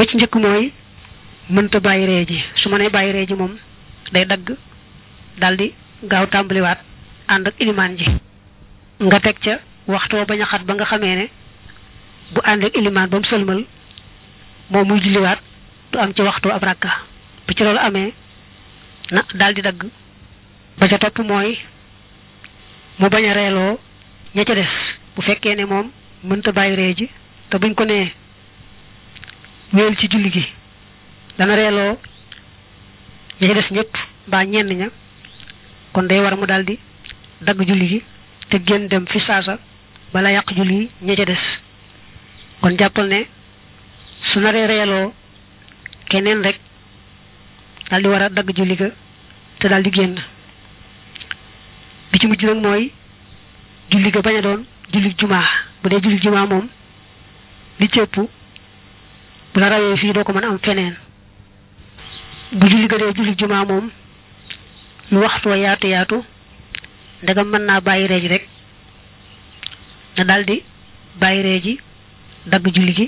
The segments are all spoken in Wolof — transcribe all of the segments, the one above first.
ba njëkk mooy mënta bàyyi ree ji su ma nee bàyyi ree ji moom day dagg daldi gaaw tàmbaliwaat ànd ak ilimaan ji nga teg ca waxtoo bañ a xat ba nga xamee ne bu ànd ak ilimaan ba sëlmal moom muy julliwaat du am ci waxtoo ab rakka bu ci loolu amee na daldi dagg ba ca topp mooy mu bañ a reeloo ña ca des bu fekkee ne moom mënta bàyyi ree ji te buñ ko nee ñëwal ci julli gi dana reeloo ñi ci des ñëpp mbaa ñenn ña kon day war a mu daldi dagg julli gi te génn dem fi saasa bala yàq julli gi ña ca des kon jàppal ne su naree reeloo keneen rek daal di war a dagg julli ga te daldi di génn bi ci mujj nag mooy julli ga bañ a doon julli jumaa bu dee julli jumaa moom li ci bu la rawee fii doo ko mën a am feneen bu julli ga dee julli jumaa moom lu waxtu wa yaatu yaatu ndegam mën naa bàyyi reej rek na daldi bàyyi ree ji dagg julli gi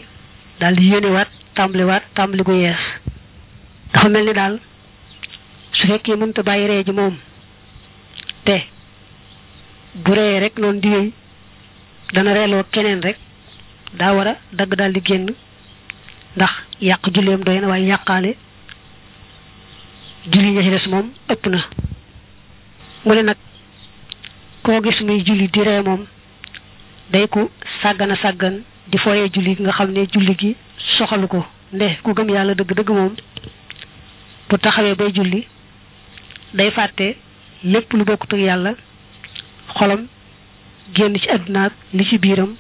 daldi yéenewaat tàmbaliwaat tàmbali gu yees dafa mel ni daal su fekkee mënta bàyyi ree ji moom te bu reyee rek noonu di dana reeloo keneen rek daa war a dagg daldi génn ndax yàq julleem doy na waaye yàqaale julli ña ci des moom ëpp na mu ne nag koo gis muy julli di ree moom day ku sàggana sàggan di fooyee julli nga xam ne julli gi soxalu ko nde ku gëm yàlla dëgg-dëgg moom bu taxawee bay julli day fàtte lépp lu bokkut yàlla xolam génn ci àdduna ak li ci biiram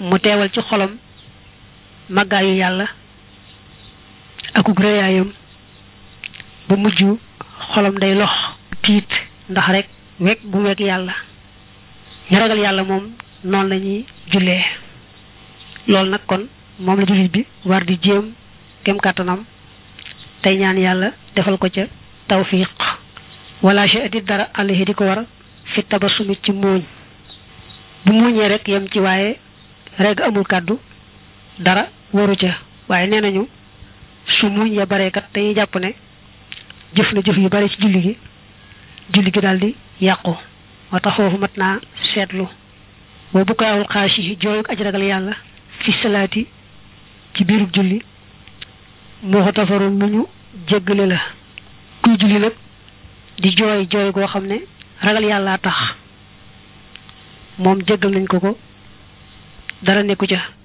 mu teewal ci xolam màggaayu yàlla akuk rëyaayam ba mujj xolam day lox tiit ndax rek wekk bu wekk yàlla ñu yàlla moom noonu lañuy jullee loolu nag kon moom la jullit bi war di jéem kem kàttanam tey ñaan yàlla defal ko ca tawfiq wala che di dara àllahi di ko war fi tabasumit ci muuñ bu muuñee rek yem ci waaye reg amul kàddu dara waru ca waaye nee nañu su muuñ ya baree kat dañuy jàpp ne jëf na jëf yu bare ci julli gi julli gi daal yàqu moo tax mat naa seetlu boo bukkaawul xaas yi jooyuk aj ragal yàlla fi salaati ci biirub julli moo ko tafaru la kuy di jooy jooy goo xam ne ragal yàllaa tax moom jëgg nañ ko ko dara nekku ca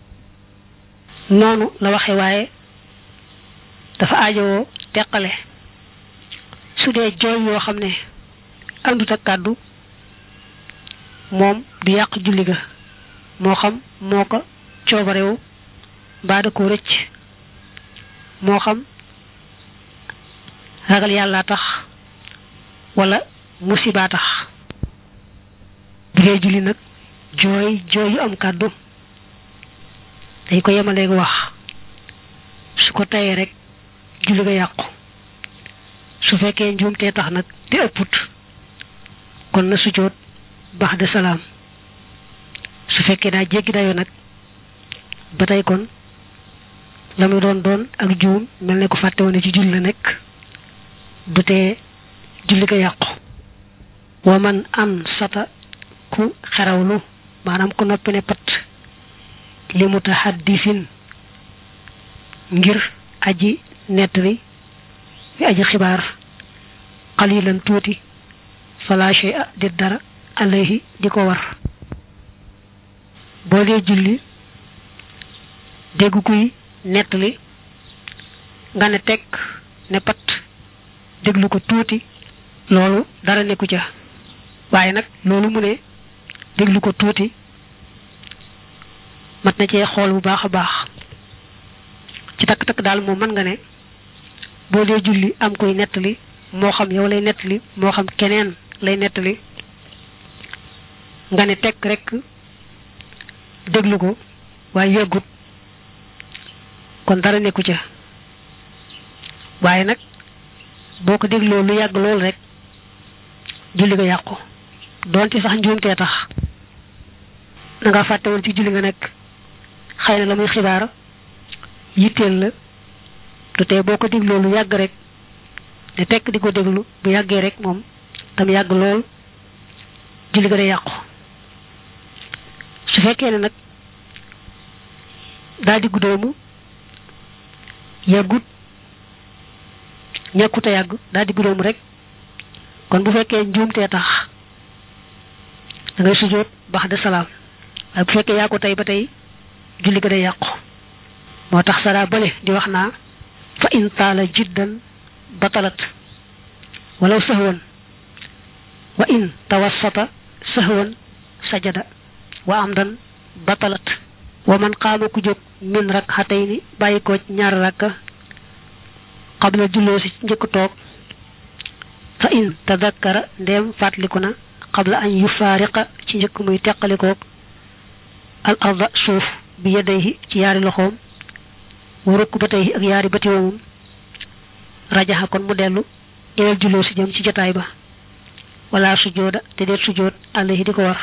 noonu la waxe waaye dafa aajowoo teqale su dee jooy yoo xam ne àndut kàddu moom du yàq julli ga moo xam moo ko coobarewu mbaa da ko rëcc moo xam ragal yàlla tax wala musiba tax bu dee julli nag jooy jooy yu am kàddu dañ ko yemaleeg wax su ko tayee rek julli ga yàqu su fekkee njuumtee tax nag te ëpput kon na sujjóot baax de salaam su fekkee daa jéggi dayoo nag ba tey kon la mu doon doon ak juum mel ne ko fàtte woon ci julli la nekk du tee julli ga yàqu wa man am sata ku xerawlu maanaam ku noppi pat li mutahaddisin ngir aji nettali bi aji xibaar xalilan tuuti fala shay'a di dara alayhi di ko war boo dee julli dégg kuy nettali nga ne teg ne pat déglu ko tuuti loolu dara nekku ca waaye nag loolu mu ne déglu ko tuuti mat na cee xool bu baax a baax ci takk-takk daal moom man nga ne boo dee julli am koy nettali moo xam yow lay nettali moo xam keneen lay nettali nga ne teg rek déglu ko waaye yeggut kon dara nekku ca waaye nag boo ko dégloo lu yàgg lool rek julli nga yàqu doonte sax njuumtee tax na fàtte woon ci julli nga nekk xëy na la muy xibaar yitteel la du tey boo ko dégloo lu yàgg rek ne tekk di ko déglu bu yàggee rek moom tam yàgg lool julli ko a yàqu su fekkee ne nag daa diggu doomu yàggut ñàkkut yàgg daa diggu doomu rek kon bu fekkee njuumtee tax da ngay sujjóot baax de salaam waaye bu fekkee yaa tey ba tey julli ga day yàqu moo tax saraa bële di wax naa fa in taala jiddan batalat walaw sahwan wa in tawassata sahwan sajada wa amdan batalat wa man qaama ku jóg min rakxatayni bàyyi ko ñaar rakka qabla julloo si njëkk toog fa in tadakkara ndeem fàttaliku na qabla an yufaariqa ci njëkk muy teqalikoog al arda suuf bi yadayhi ci yaari loxoom wa rukbatayhi ak yaari batiwoomam rajaxa kon mu dellu ilal juloo jëm ci jataay ba wala sujooda te deet sujood alayhi di ko war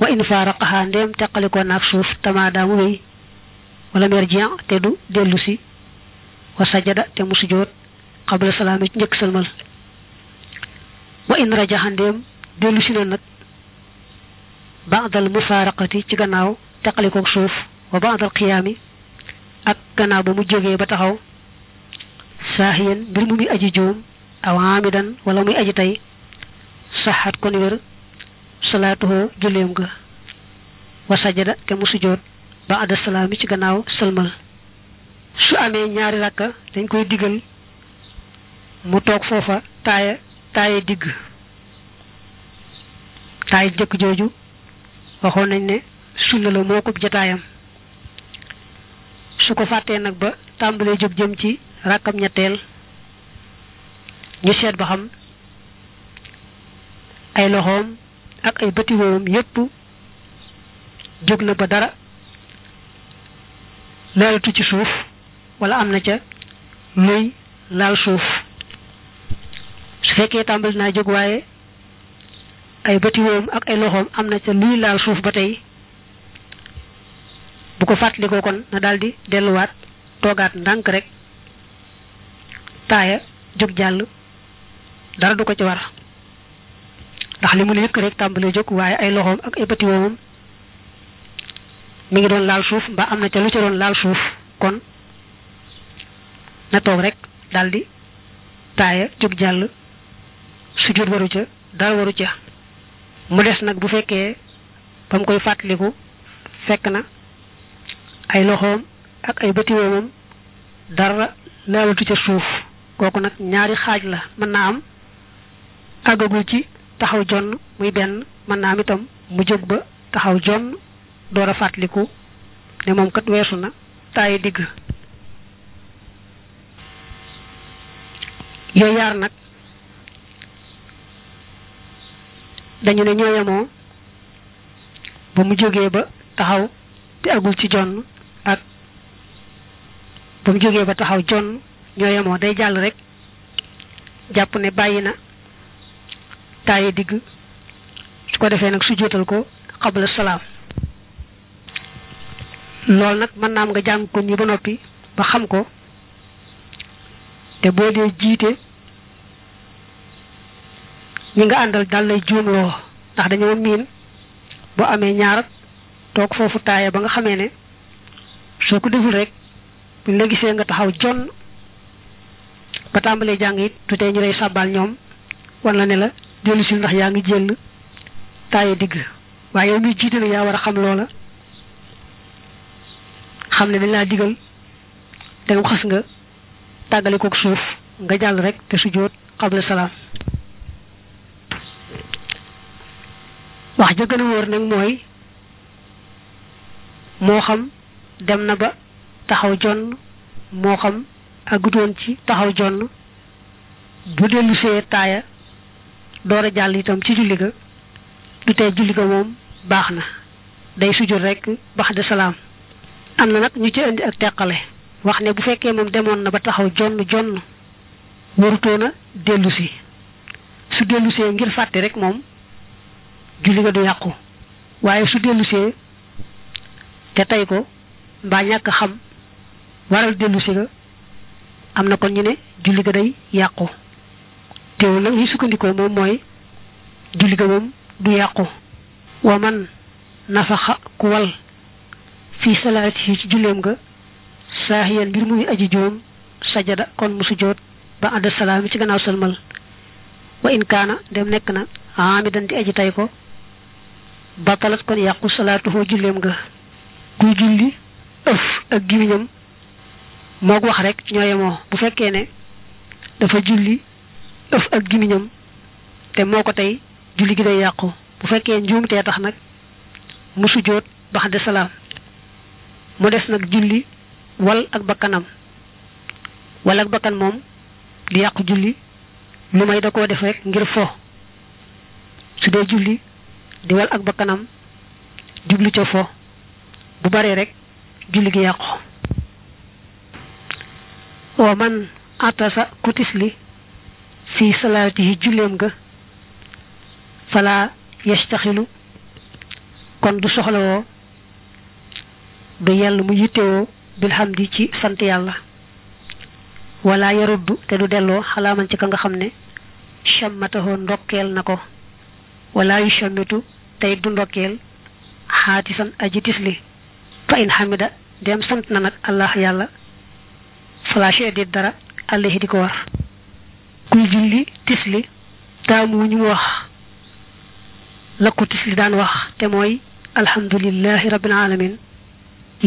wa in faaraqaha ndéem teqalikoo naak suuf tamaada mu wéy wala te du dellu si wa sajada te mu sujood xabla salaami njëkk sëlmal wa in rajaxa ndéem dellu na nag ba'dal mufaaraqati ci gannaaw teqalikook suuf wa baadal xiyaami ak gannaaw ba mu jógee ba taxaw saahiyan mbir mu muy aji juum aw amidan wala muy aji tey saxaat kon wér salaatuhoo julleem ga wa sajada te mu sujjóot ba salaami ci gannaaw sëlmal su amee ñaari rakka dañ koy diggal mu toog foofa taaya taaya digg taaya jëkk jooju waxoon nañ ne sunna la moo ko jotaayam su ko fàttee nag ba tàmbalee jóg jëm ci rakkam ñetteel ñu seet ba xam ay loxoom ak ay bëti woowam yépp jóg na ba dara leeratu ci suuf walla am na ca luy laal suuf su fekkee tàmbali naa jóg waaye ay bëti woowam ak ay loxoom am na ca luy laal suuf ba tey bu ko fàttalikoo kon na daal di delluwaat toogaat ndànk rek taaya jóg jàll dara du ko ci war ndax li mu ne yëkk rek tàmbalee jóg waaye ay loxoom ak ay bëti woomam ngi doon laal suuf mbaa am na ca lu ca doon laal suuf kon na toog rek daldi di taaya jóg jàll sujjóot waru ca dara waru ca mu des nag bu fekkee ba mu koy fàttaliku fekk na ay loxoom ak ay bëti woomam dara laalatu ca suuf kooku nag ñaari xaaj la mën naa am àggagul ci taxaw jonn muy benn mën naa am itam mu jóg ba taxaw jonn door a fàttaliku ne moom kat weesu na taayi digg yooyu yaar nag dañu ne ñoo yemoo ba mu jógee ba taxaw te agul ci jonn ak ba mu jógee ba taxaw jonn ñoo yemoo day jàll rek jàpp ne bàyyi na taaye digg su ko defee nag su jóotal ko xabla salaam loolu nag mën naam nga jàng ko nii ba noppi ba xam ko te boo dee jiite ñi nga àndal daal lay juumloo ndax dañoo miin boo amee ñaar toog foofu taaye ba nga xamee ne soo ko deful rek buñ la gisee nga taxaw jonn ba tàmbalee jàng it du tee ñu lay sàbbaal ñoom war la ne la dellu si ndax yaa ngi jël taaye digg waaye yow miy jiite yaa war a xam loola xam ne dañ laa digal dangam xas nga tàggale kook suuf nga jàll rek te sujjóot qabla salaam wax ja gën wóor nag mooy moo xam dem na ba taxaw jonn moo xam àggutoon ci taxaw jonn bu dellu see taaya door a jàll itam ci julli ga du tee julli ga moom baax na day sujur rek bax de salaam am na nag ñu ci indi ak teqale wax ne bu fekkee moom demoon na ba taxaw jonn jonn warutoona dellu si su dellu ngir fàtte rek moom julli ga du yàqu waaye su dellu te tey ko mbaa ñàkk xam waral dellu si am na kon ñu ne julli ga day yàqu teew la ñuy sukkandikoo moom mooy julli ga moom du yàqu wa man nafaxa ku wal fii salaati yi ci julleem nga saahiyan mbir muy aji joom sajada kon mu sujjóot ba àdda salaami ci gannaaw salmal wa in dem nekk na amidan di aji tay ko batalat kon yàqu salaatuhoo julleem nga kuy julli ëf ak gémmiñam moog wax rek ñoo yemoo bu fekkee ne dafa julli ëf ak gimiñam te moo ko tey julli gi day yàqu bu fekkee njuumtee tax nag mu sujjóot bax salaam mu des nag julli wal ak bakkanam wal ak bakkan moom di yàqu julli lu may da koo def rek ngir fo su dee julli di wal ak bakkanam jublu ca fo bu baree rek julli gi yàqu wa man atasa ku tisli fi yi julleem ga fala yastaxilu kon du soxlawoo du yàlla mu yittewoo bilhamdi ci sant yàlla wala yaruddu te du delloo xalaaman ci ka nga xam ni ne chammatahoo ndokkeel na ko wala yu chammitu tey du ndokkeel xaatisan aji tisli fa in hamida dem sant na nag allah yàlla falaasee di dara allahi di ko war kuy julli tisli taamu wu ñu wax la ko tisli daan wax te mooy alhamdulillahi rabbil alamin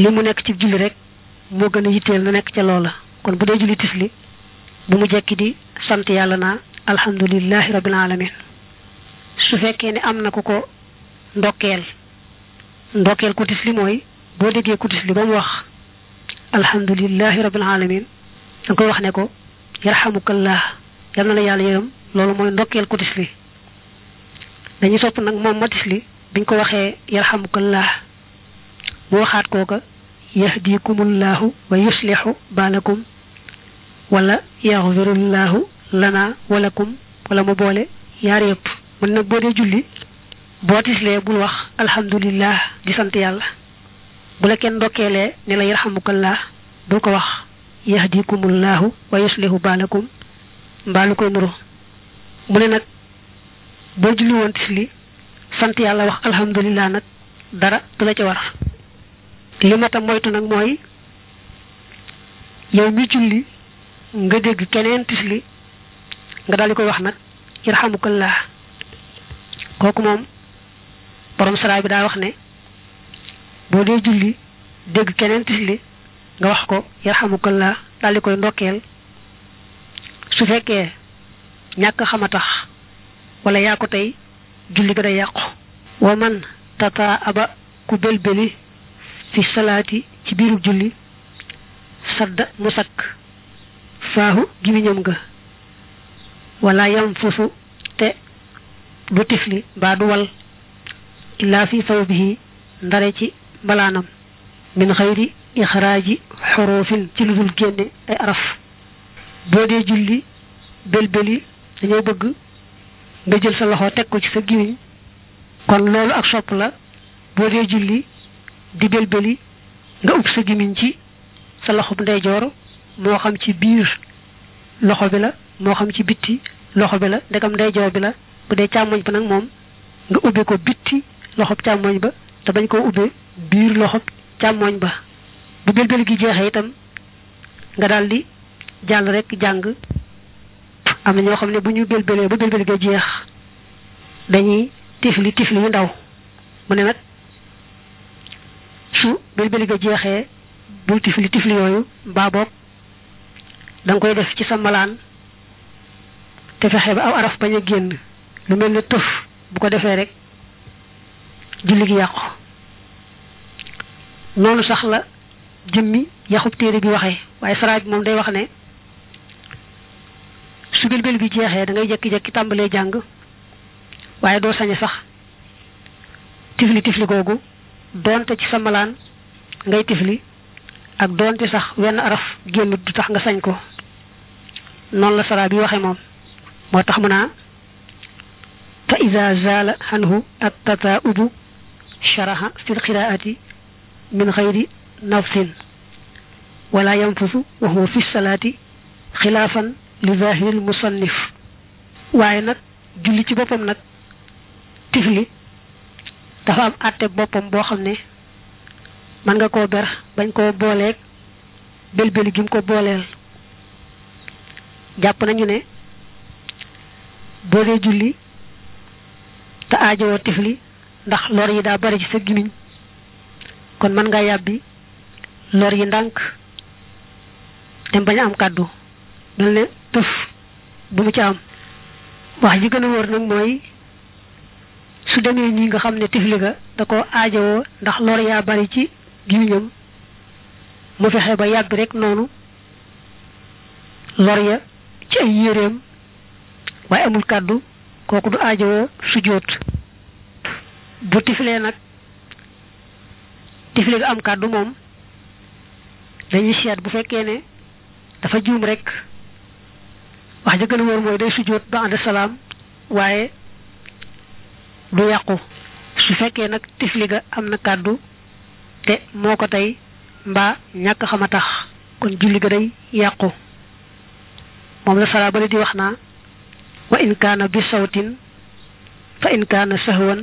li mu nekk ci julli rek moo gën a yitteel na nekk ca loola kon bu dee julli tisli bu mu jekki di sant yàlla naa alhamdulillahi rabbil alamin su fekkee ni am na ku ko ndokkeel ndokkeel ko tisli mooy boo déggee ku tifli ba mu wax alhamdulilahi rabbil alamin da koy wax ne ko yarhamukallah yal na la yàlla yam loolu mooy ndokkeel ku tifli dañuy sopp nag moom ma tifli biñ ko waxee yarhamukallah mu waxaat kooka yahdikumullahu wa yuslihu baalakum wala yaxfirullahu lana walakum wala mu boole yaar yëpp mën nag boo dee julli boo tislee bul wax alhamdulillah di sant yàlla bu la kenn ndokkeelee ne la yarhamukallah bul ko wax yahdikumullahu wa yuslihu baalakum mbaa lu koy nuru mu ne nag boo julli woon tisli sant yàlla wax alhamdulilah nag dara du la ca war li moytu nag mooy yow mi julli nga dégg keneen tisli nga daal di koy wax nag yarhamukallah kooku moom borom saraay bi daa wax ne boo dee julli dégg keneen tisli nga wax ko yarhamukallah daal di koy ndokkeel su fekkee ñàkk xama tax wala yaa ko tey julli ga day yàqu wa man tata aba ku belbeli fi salaati ci biiru julli sadda mu sakk faahu gimiñam nga wala yam fusu te du tifli mbaa du wal illaa fi saw bihi ndare ci mbalaanam min xayri ixraaji xoroofin ci lu dul génne ay araf boo dee julli belbeli dañoo bëgg nga jël sa loxo teg ko ci sa gimiñ kon loolu ak sopp la boo dee julli di belbeli nga ub sa gimiñ ci sa loxo ndeyjoor moo xam ci biir loxo bi la moo xam ci bitti loxo bi la ndegam ndeyjoor bi la bu dee càmmoñ ba nag moom nga ubbi ko bitti loxo càmmoñ ba te bañ koo ubbe biir loxo càmmooñ ba bu belbel gi jeexee itam nga daldi jàll rek jàng am na ñoo xam ne bu ñu belbelee ba belbel ga jeex dañuy tifli tifli yu ndaw mu ne nag su belbel ga jeexee bul tifli tifli yooyu mbaa boog da koy def ci sa malaan te fexe ba aw araf bañ a génn lu mel ne tëf bu ko defee rek julli gi yàqu loolu sax la jëmmi yaxub téere bi waxe waaye saraaj moom day wax ne su bilbil bi jeexee da ngay jekki-jekki tàmbalee jàng waaye doo sañe sax tifli tifli googu doonte ci sa malaan ngay tifli ak doonte sax wenn araf génn du tax nga sañ ko noonu la sara bi waxe moom moo tax mu naa fa iza zala anhu at sharaha fil qiraati min xayri nafsin wala yanfusu wa huwa fi salaati xilaafan li zahiril musannif waaye nag julli ci boppam nag tifli dafa am àtte boppam boo xam ne mën nga koo ber bañ koo booleeg belbeli gim ko booleel jàpp nañu ne boo dee julli te aajowoo tifli ndax lor yi daa bari ci sa gimiñ kon man nga yàbbi lor yi ndànk dem bañ am kàddu dal ne tëf bu mu ci am wax ji gën a wóor nag mooy su demee nii nga xam ne tifli ga da ko aajowoo ndax lor yaa bari ci gémmiñam mu fexe ba yàbbi rek noonu lor ya ci ay yéreem waaye amul kàddu kooku du aajowoo sujjóot bu tiflee nag léegi am kàddu moom dañuy seet bu fekkee ne dafa juum rek wax ja na a wóor mooy day sujjóot ba ànd waaye du yàqu su fekkee nag tifli ga am na kàddu te moo ko tey mbaa ñàkk xam a tax kon julli ga day yàqu moom la salaa bale di wax naa wa in kaana bi sawtin fa in kaana sahwan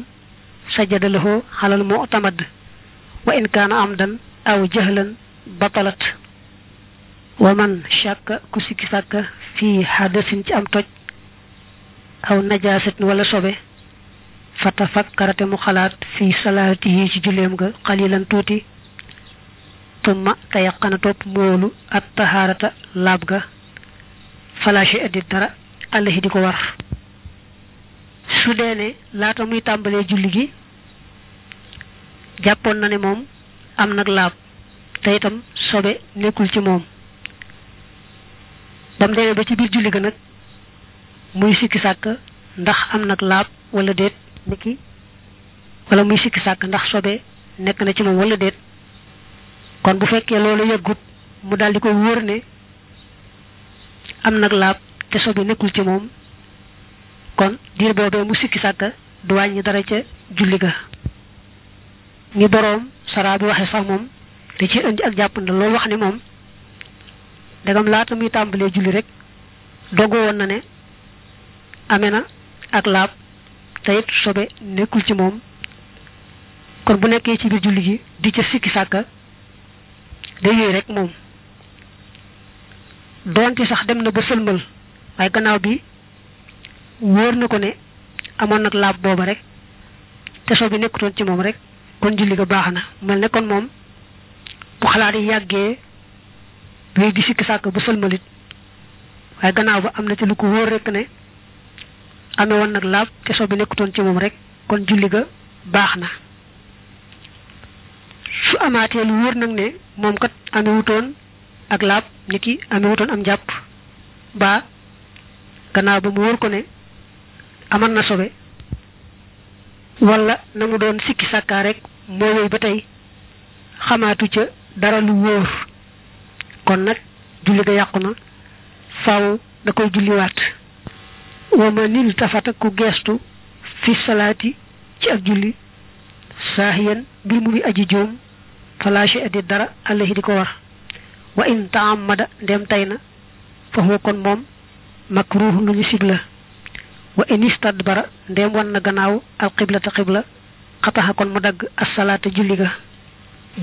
sajada lahu xalal mu'tamad wa in kaana amdan aw jahlan batalat wa man shakka ku sikki sàkka fii hadasin ci am toj aw najaasatin wala sobe fata fakkarate mu xalaat fii salaati yi ci julleem nga xalilan tuuti tumma te yaqana topp moolu at tahaarata laab ga falaashe addi dara allahi di ko war su dee ne laata muy tàmbalee julli gi jàppoon na ne moom am nag laab te itam sobe nekkul ci moom ba mu ba ci biir julli ga nag muy sikki sàkk ndax am nag laab walla déet niki wala muy sikki sàkk ndax sobe nekk na ci moom wala déet kon bu fekkee loolu yëggut mu daal di koy wër ne am nag laab te sobe nekkul ci moom kon diir boobee mu sikki sàkk du wàññi dara ca julli ga ni boroom saraa bi waxee sax moom da ci indi ak jàpp na loolu wax ne moom dagam laata muy tàmbalee julli rek dogu woon na ne amee na ak laab te it sobe nekkul ci moom kon bu nekkee ci biir julli gi di ca sikki sàkka day yooyu rek moom doonte sax dem na ba sëlmal waaye gannaaw bi wóor na ko ne amoon nag laab booba rek te sobe nekkutoon ci moom rek kon julli ga baax na mel ne kon moom bu xalaat yi yàggee wéy di sikki sàkk bu sëlmalit waaye gannaaw ba am na ci lu ko wóor rek ne amee woon nag laab te soo nekkutoon ci moom rekk kon julli ga baax na su amaatee lu wóor nag ne moom kat amee ak laab nit ki amee am jàpp ba gannaaw ba mu wóor ko ne aman na sobe wala na mu doon sikki sàkkaa rekk moo wéy ba tey xamaatu ca dara lu wóor kon nag julli ga yàqu na faaw da koy julliwaat wa ma nil tafata ku geestu fi salaati ci ak julli saahiyan mbir mu muy aji joom falaashe addi dara allahi di ko war wa in taamada ndem tay na fa huwa kon moom makruuh lu ñu sib la wa in istadbara ndem wan na gannaaw al qiblata qibla xataxa kon mu dagg asalaata julli ga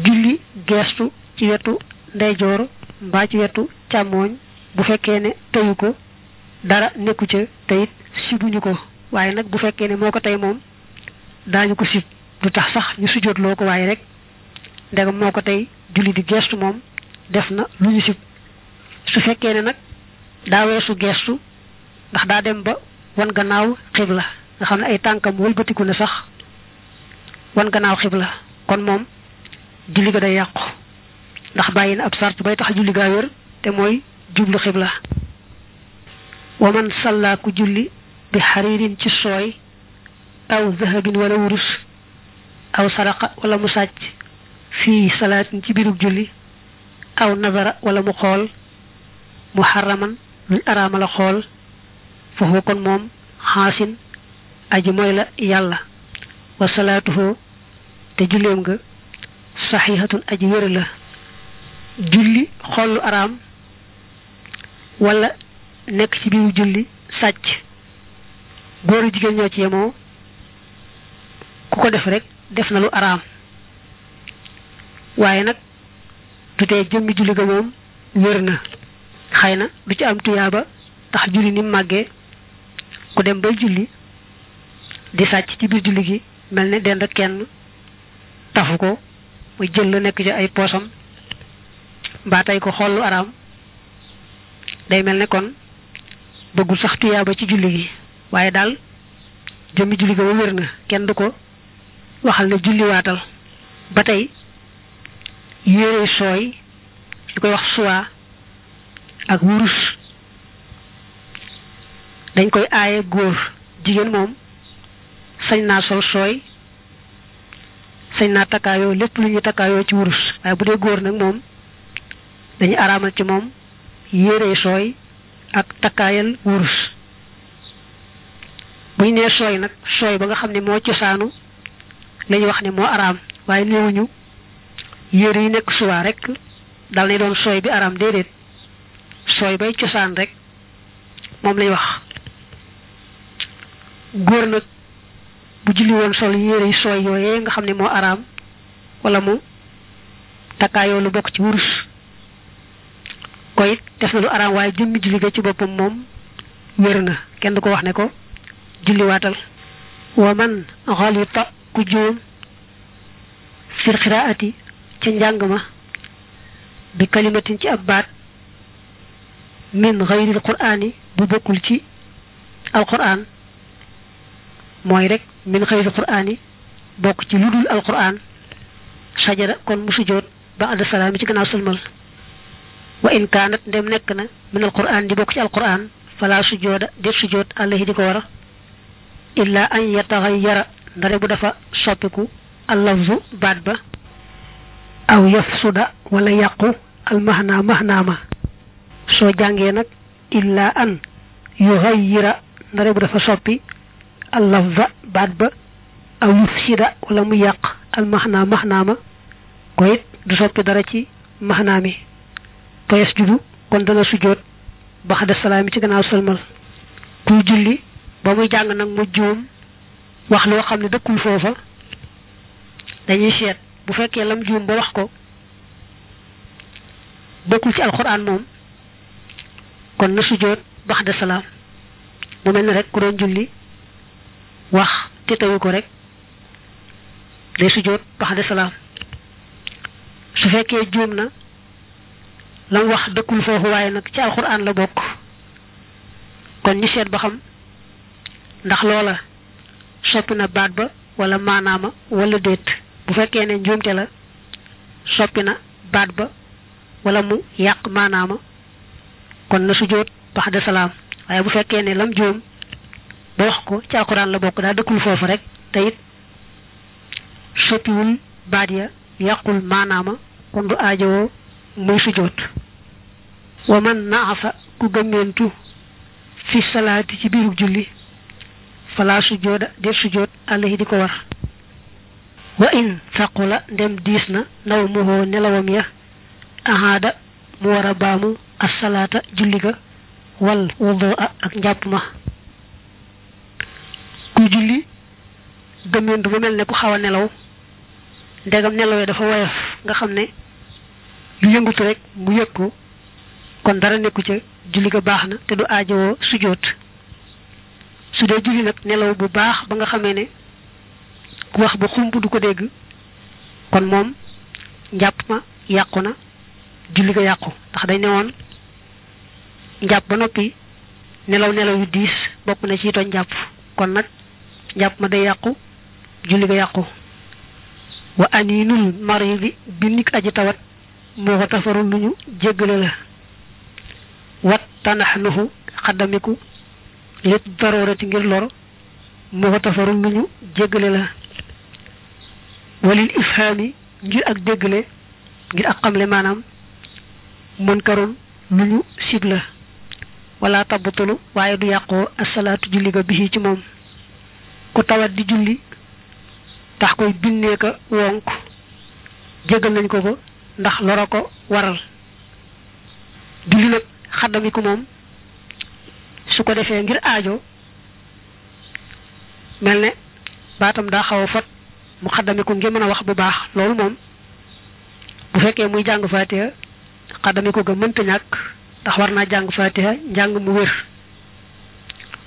julli geestu ci wetu ndeyjoor mbaa ci wetu càmmooñ bu fekkee ne teyu ko dara nekku ca teyit sibuñu ko waaye nag bu fekkee ne moo ko tey moom daañu ko sib du tax sax ñu sujootloo ko waaye rek ndegam moo ko tey julli di geestu moom def na lu ñu sib su fekkee ne nag daa weesu geestu ndax daa dem ba wan gannaaw la nga xam ne ay tànkam wëlbatiku na sax wan gannaaw xibla kon moom julli ga day yàqu ndax bàyyi na ab sart bay tax julli gaa wér te mooy jublu xibla wa man salla julli bi xariirin ci sooy aw zahabin wala wurus aw saraqa wala mu sàcc fii salaatin ci biirub julli aw nazara wala mu xool mu xaraman luñ araama la xool foofu kon moom xaasin aji mooy la yàlla wa salaatuhu te julleem nga saxiixatun aji wér la julli xoolu araam wala nekk ci biiru julli sàcc góor jigéen ñoo ci yemoo ku ko def rekk def na lu araam waaye nag du tee jëmmi julli ga moom wér na xëy na du ci am tuyaaba tax julli ni màggee ku dem bay julli di sàcc ci biir julli gi mel ni dend kenn tafu ko mu jël nekk ci ay poosam mbaa tey ko xool lu araam day mel nekkoon kon bëggul sax tuyaaba ci julli gi waaye daal jëmmi julli ga ba wér na kenn du ko waxal ne julliwaatal ba tey yére sooy ñu koy wax suwaa ak wurus dañ koy aaye góor jigéen moom sañ naa sol sooy sañ naa takkaayoo lépp lu ñuy takkaayoo ci wurus waaye bu dee góor nag moom dañuy araamal ci moom yére sooy ak takkaayal wurus bu ñu nee sooy nag sooy ba nga xam ne moo cosaanu lañu wax ne moo araam waaye néewuñu yére yi nekk suwaa rek dal nay doon sooy bi araam déedéet sooy bay cosaan rek moom lay wax góor nag bu julli woon sol yére yu sooy yooyee nga xam ne moo araam wala mu takkaayoo lu bokk ci wurus ko it def na lu araam waaye jëmmi julli ga ci boppam moom wér na kenn du ko wax ne ko julliwaatal wa man xalita ku juum fil xiraati ca njàng ma bi kalimatin ci ab baat min xayril quraani bu bokkul ci alquran mooy rek min xëyri quraan bokk ci lu dul alquran sajara kon mu sujjoot ba ànd salaam yi ci gannaaw sëlmal wa in kaanat ndem nekk na min alquran di bokk ci alquran fala sujjooda def sujjoot àllahi di ko wara illa an yataxayyara ndare bu dafa soppiku allafzu baat ba aw yafsuda wala yàqu almahna mahnaama soo jàngee nag illa an yuxayyira ndare bu dafa soppi al lafza baat ba aw yufsida wala mu yàq al maxnaa maxnaama ko it du soppi dara ci maxnaa mi fayas judu kon dana sujjóot ba xadda salaam yi ci gannaaw sëlmal kuy julli ba muy jàng nag mu juum wax loo xam ne dëkkul foofa dañuy seet bu fekkee lam juum ba wax ko bokkul ci alxuraan moom kon na sujjóot ba xadda salaam mu mel ni rek ku doon julli wax te tawu ko rek day sujjóot paxade salaam su fekkee juum na lam wax dëkkul foofu waaye nag ci alxuraan la bokk kon ñu seet ba xam ndax loola soppi na baat ba wala maanaama walla déet bu fekkee ne njuumte la soppi na baat ba wala mu yàq maanaama kon na sujjóot paxade salaam waaye bu fekkee ne lam juum ba wax ko ci alxuraan la bokk daa dëkkul foofu rek te it soppiwul baat ya yàqul maanaama kon du aajowoo muy sujjóot wa man naafa ku gëmmeentu fi salaati ci biirub julli fala sujjóoda def sujjóot àllahi di ko war wa in saqula ndem diis na naw mu hoo nelawam ya ahaada mu war a baamu asalaata julli ga wal wudu ak njàpp ma kuy julli gëmmentu ba mel ne ku xaw a nelaw ndegam nelawee dafa woyof nga xam ne lu yëngutu rek mu yëg ko kon dara nekku ca julli ga baax na te du aajowoo sujoot su dee julli nag nelaw bu baax ba nga xamee ne ku wax ba xumb du ko dégg kon moom njàpp ma yàqu na julli ga yàqu ndax dañ ne njàpp ba noppi nelaw nelaw yu diis bokk na ci tooñ njàpp kon nag njàpp ma day yàqu julli ga yàqu wa aninul maridi bindik aji tawat moo ko lu ñu jéggale la wat tanax nuxu xaddamiku lit daroorati ngir lor moo ko lu ñu jéggale la walil ifhaami ngir ak déggale ngir ak xamle maanaam mënkarul lu ñu sib la wala tabbatulu waaye du yàqoo asalaatu julli ga bi ci moom ku tawat di julli tax koy binnee ka wonk jégal nañ ko ko ndax loro ko waral julli nag xaddamiku moom su ko defee ngir aajo mel ne baatam daa xaw a fot mu xaddamiku ngir mën a wax bu baax loolu moom bu fekkee muy jàng faatiha xaddamiku ga mënta ñàkk ndax war naa jàng faatiha njàng mu wér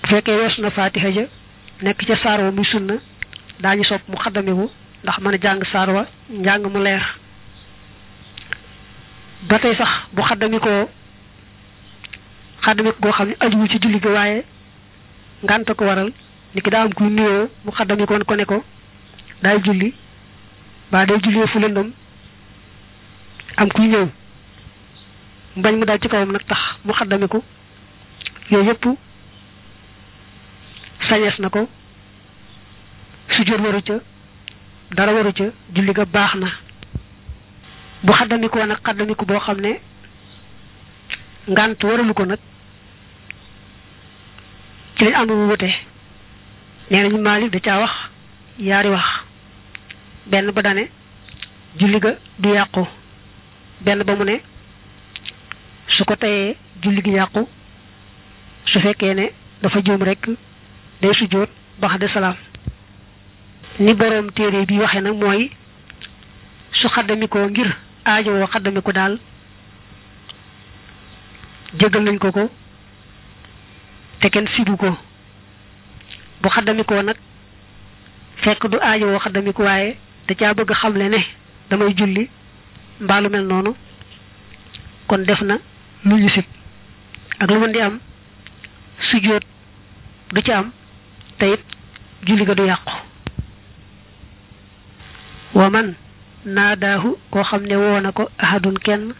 bu fekkee weesu na faatiha ja nekk ca saar wa muy sunna daañu sopp mu xaddamewu ndax mën a jàng saar wa njàng mu leer ba tey sax bu xaddami ko xaddami goo xam ne ajuwu ci julli gi waaye ngànta ko waral ni ki daa am kuy nuyoo mu xaddami koon ko ne ko daay julli baa day jullee fu lëndëm am kuy ñëw mbañ mu daal ci kawam nag tax mu xaddami ko yooyu sañes na ko sujjóot waru ca dara waru ca julli ga baax na bu xaddamiku nag ak xaddamiku boo xam ne ngànt waralu ko nag ci lañ am bu wute nee nañu Maalik da caa wax yaari wax benn ba dane julli ga du yàqu benn ba mu ne su ko teyee julli gi yàqu su fekkee ne dafa juum rekk day sujjóot bax de salaam ni borom téere bi waxe nag mooy su xaddamikoo ngir aajowoo xaddamiku daal jëgal nañ ko ko te kenn sibu ko bu xaddamikoo nag fekk du aajowoo xaddamiku waaye da caa bëgg xamle ne damay julli mbaalu mel noonu kon def na lu ñu sib ak lu mën am sujjóot du ca am te julli ga du yàqu wa man naadaahu koo xam ne woo na ko ahadun kenn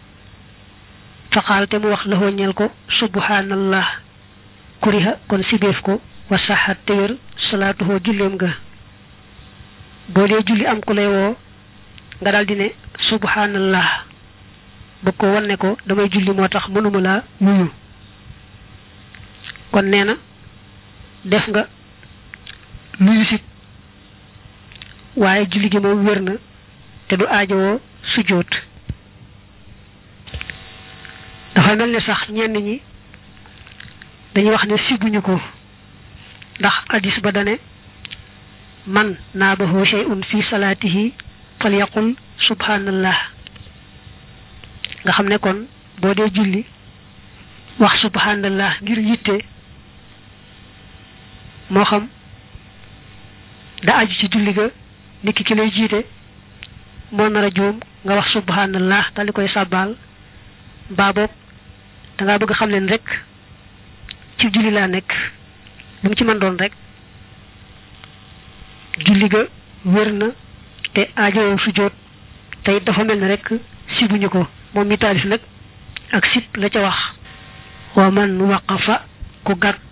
faqaal te mu wax la ñeel ko subhanallah kuriha kon sibeef ko wa saxaat te wér julleem ga boo dee julli am ku lay woo nga daal di ne subhanallah bëgg ko wan ko damay julli moo tax mënuma laa nuyu kon nee na def nga luy wisit waaye julli gi moom wér na te du aajowoo sujjóot dafa mel ni sax ñenn ñi dañuy wax ne siguñu ko ndax hadis ba dane man naabahu shay'un fi salaatihi falyaqul subhanallah nga xam ne kon boo dee julli wax subhanallah ngir yitte moo xam daa aju ci julli ga niki ki lay jiite moo nar a nga wax subhanallah dal di koy sàbbaal mbaa boog bëgg xam leen rek ci julli laa nekk lu mu ci mën doon rek julli ga wér na te aajowoo sujjóot tey dafa mel ne rek sibuñu ko moom mi taalif nag ak sib la ca wax wa man waqafa ku gàtt